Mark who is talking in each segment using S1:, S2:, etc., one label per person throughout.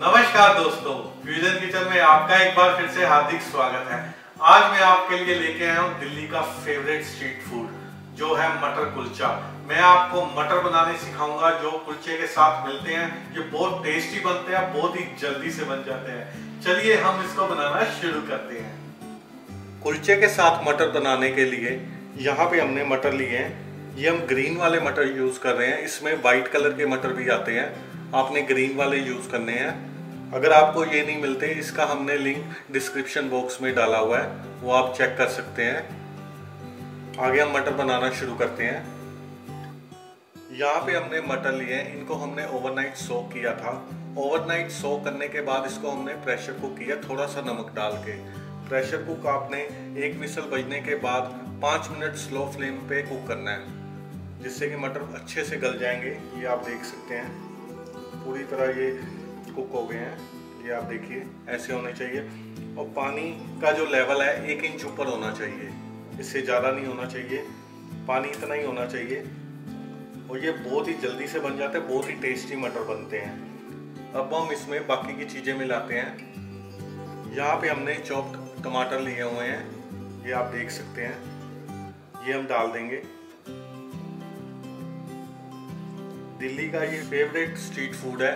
S1: नमस्कार दोस्तों fusion kitchen में आपका एक बार फिर से हार्दिक स्वागत है आज मैं आपके लिए लेके आया हूँ दिल्ली का फेवरेट स्ट्रीट फूड जो है मटर कुलचा मैं आपको मटर बनाने सिखाऊंगा जो कुलचे के साथ मिलते हैं ये बहुत टेस्टी बनते हैं बहुत ही जल्दी से बन जाते हैं चलिए हम इसको बनाना शुरू करते हैं कुलचे के साथ मटर बनाने के लिए यहाँ पे हमने मटर लिए हैं ये हम ग्रीन वाले मटर यूज़ कर रहे हैं इसमें व्हाइट कलर के मटर भी आते हैं आपने ग्रीन वाले यूज़ करने हैं अगर आपको ये नहीं मिलते इसका हमने लिंक डिस्क्रिप्शन बॉक्स में डाला हुआ है वो आप चेक कर सकते हैं आगे हम मटर बनाना शुरू करते हैं यहाँ पे हमने मटर लिए हैं इनको हमने ओवरनाइट सो किया था ओवरनाइट सो करने के बाद इसको हमने प्रेशर कुक किया थोड़ा सा नमक डाल के प्रेशर कुक आपने एक मिसल बजने के बाद पाँच मिनट स्लो फ्लेम पे कुक करना है जिससे कि मटर अच्छे से गल जाएंगे ये आप देख सकते हैं पूरी तरह ये कुक हो गए हैं ये आप देखिए ऐसे होने चाहिए और पानी का जो लेवल है एक इंच ऊपर होना चाहिए इससे ज़्यादा नहीं होना चाहिए पानी इतना ही होना चाहिए और ये बहुत ही जल्दी से बन जाते हैं बहुत ही टेस्टी मटर बनते हैं अब हम इसमें बाकी की चीज़ें मिलाते हैं यहाँ पे हमने चौप्ड टमाटर लिए हुए हैं ये आप देख सकते हैं ये हम डाल देंगे दिल्ली का ये फेवरेट स्ट्रीट फूड है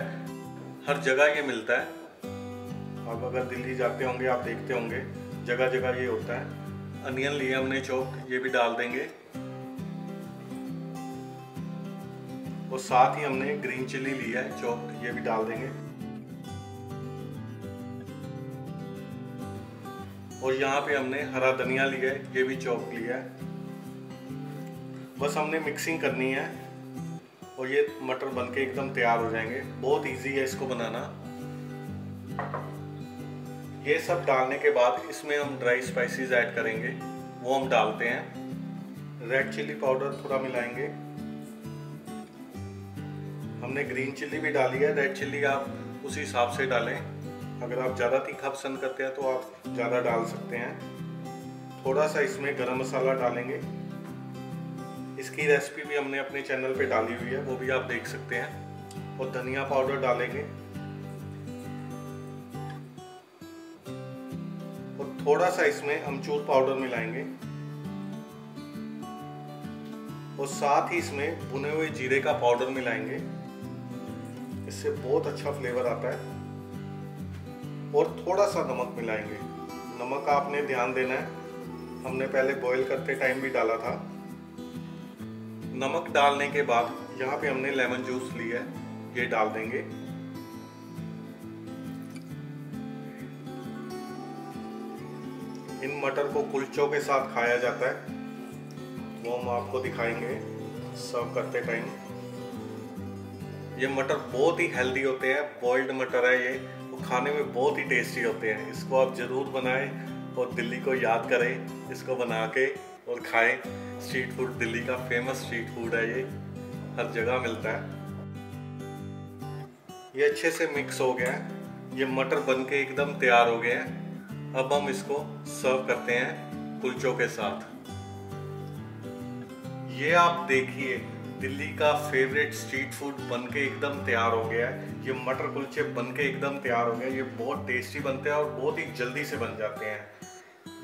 S1: हर जगह ये मिलता है आप अगर दिल्ली जाते होंगे आप देखते होंगे जगह जगह ये होता है अनियन लिए हमने चौक ये भी डाल देंगे और साथ ही हमने ग्रीन चिली लिया है चौक ये भी डाल देंगे और यहाँ पे हमने हरा धनिया लिया है ये भी चौक लिया है बस हमने मिक्सिंग करनी है और ये मटर बन के एकदम तैयार हो जाएंगे बहुत इजी है इसको बनाना ये सब डालने के बाद इसमें हम ड्राई स्पाइसेस ऐड करेंगे वो हम डालते हैं रेड चिल्ली पाउडर थोड़ा मिलाएंगे हमने ग्रीन चिल्ली भी डाली है रेड चिल्ली आप उसी हिसाब से डालें अगर आप ज़्यादा तीखा पसंद करते हैं तो आप ज़्यादा डाल सकते हैं थोड़ा सा इसमें गरम मसाला डालेंगे इसकी रेसिपी भी हमने अपने चैनल पे डाली हुई है वो भी आप देख सकते हैं और धनिया पाउडर डालेंगे और थोड़ा सा इसमें अमचूर पाउडर मिलाएंगे और साथ ही इसमें भुने हुए जीरे का पाउडर मिलाएंगे इससे बहुत अच्छा फ्लेवर आता है और थोड़ा सा नमक मिलाएंगे नमक आपने ध्यान देना है हमने पहले बॉईल करते टाइम भी डाला था नमक डालने के बाद यहाँ पे हमने लेमन जूस लिया है ये डाल देंगे इन मटर को कुलचों के साथ खाया जाता है वो हम आपको दिखाएंगे सर्व करते टाइम ये मटर बहुत ही हेल्दी होते हैं बॉइल्ड मटर है ये वो खाने में बहुत ही टेस्टी होते हैं इसको आप ज़रूर बनाएं और दिल्ली को याद करें इसको बना के और खाएं स्ट्रीट फूड दिल्ली का फेमस स्ट्रीट फूड है ये हर जगह मिलता है ये अच्छे से मिक्स हो गया है ये मटर बन के एकदम तैयार हो गए हैं अब हम इसको सर्व करते हैं कुलचों के साथ ये आप देखिए दिल्ली का फेवरेट स्ट्रीट फूड बन के एकदम तैयार हो गया है ये मटर कुलचे बन के एकदम तैयार हो गया ये बहुत टेस्टी बनते हैं और बहुत ही जल्दी से बन जाते हैं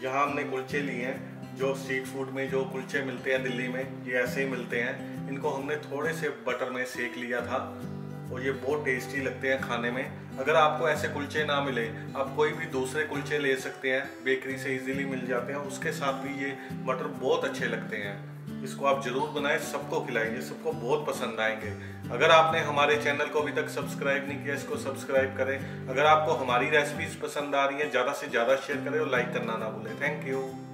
S1: यहाँ हमने कुलचे लिए हैं जो स्ट्रीट फूड में जो कुलचे मिलते हैं दिल्ली में ये ऐसे ही मिलते हैं इनको हमने थोड़े से बटर में सेक लिया था और ये बहुत टेस्टी लगते हैं खाने में अगर आपको ऐसे कुलचे ना मिले आप कोई भी दूसरे कुलचे ले सकते हैं बेकरी से इजीली मिल जाते हैं उसके साथ भी ये मटर बहुत अच्छे लगते हैं इसको आप ज़रूर बनाएं सबको खिलाएंगे सबको बहुत पसंद आएंगे अगर आपने हमारे चैनल को अभी तक सब्सक्राइब नहीं किया इसको सब्सक्राइब करें अगर आपको हमारी रेसिपीज़ पसंद आ रही है ज़्यादा से ज़्यादा शेयर करें और लाइक करना ना भूलें थैंक यू